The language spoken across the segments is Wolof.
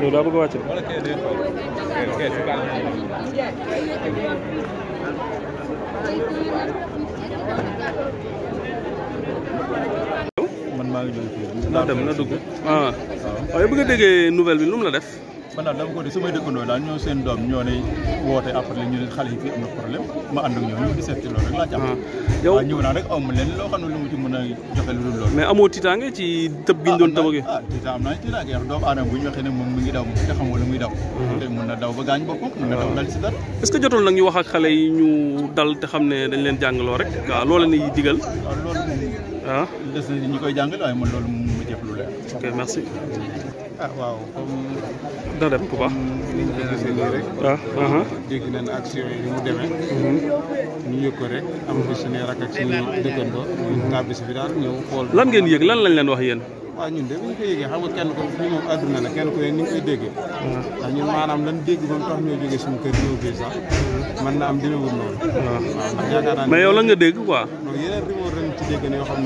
loolu daa bëgg a wàcce. man maa ngi jóge fii. na dem na dugg ah. ah waaye bëgg a déggee nouvelle bi lu la def. man daal dama ko di samay dëkkandoo daal ñoo seen doom ñoo ne woote après ñu ne xale yi fii am na problème ma ànd ak ñoom ñoo di seet ci loolu rek laa ah. naa leen loo xam ne lu mu a ñu ah, ah, tiitaange yow doomu aadama bu waxee ne moom mi ngi daw te xamul daw. Mm-hmm. te mun daw ba que jotoon nag ñu wax xale yi ñu dal te xam ne dañ leen jàngaloo rek waaw loola ni digal ah des na ñu koy jàngal waaye man loolu mu jëf lu leer. ok merci. ah waaw comme. da dem bu baax. niñ dégg nañ action yi ni mm-hmm. ñu yëg ko rek. am ko suñu rakk ak suñu dëkkandoo. tàbbi si fi daal ñëw xool. lan geen yëg lan lañ leen wax yéen. waa ñun de bu ñu ko yëgee xam nga kenn ko fii moom àdduna la kenn ku ne ni ñu uh-huh. lan dégg ba mu tax ñoo jógee suñu kër ñëw fii sax mën na am dina wut noonu. waaw uh-huh. waaw ndax yaakaar naa ne mais lan nga dégg quoi.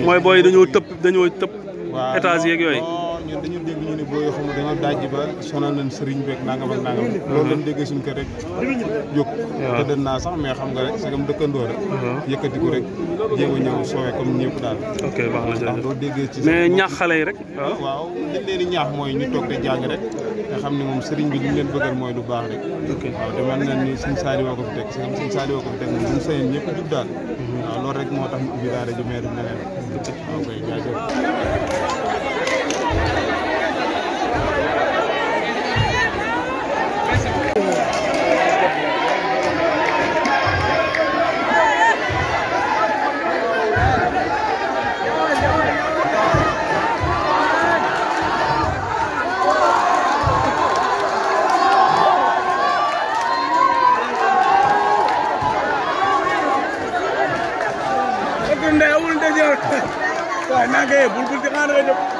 mooy booy dañoo tëpp dañoo tëpp étage yeeg yooyu ñun dañu dégg ñu ne boo yoo xam ne dañoo dajji ba sonal déggee suñu kër rek jóg. te naa sax mais xam nga rek c'est comme dëkkandoo rek. yëkkati ko rek jéem a ñëw soowee comme ñëpp daal. ok baax na jërëjëf doo déggee ci. mais ñaax xale yi rek. waaw liñ leen ñaax mooy ñu toog de jàng rek nga xam ne moom sëriñ bi li ñu leen bëggal mooy lu baax rek. ok waaw te man nañ ni suñ saali ko fi teg c'est comme ko fi teg moom suñ sëriñ ñëpp jub daal. Mhm. waaw loolu rek moo tax mu ubbi daara ji meeru neneen ak ndey amul ndey waaye naa ngay bul bul ci xaaral nga jëm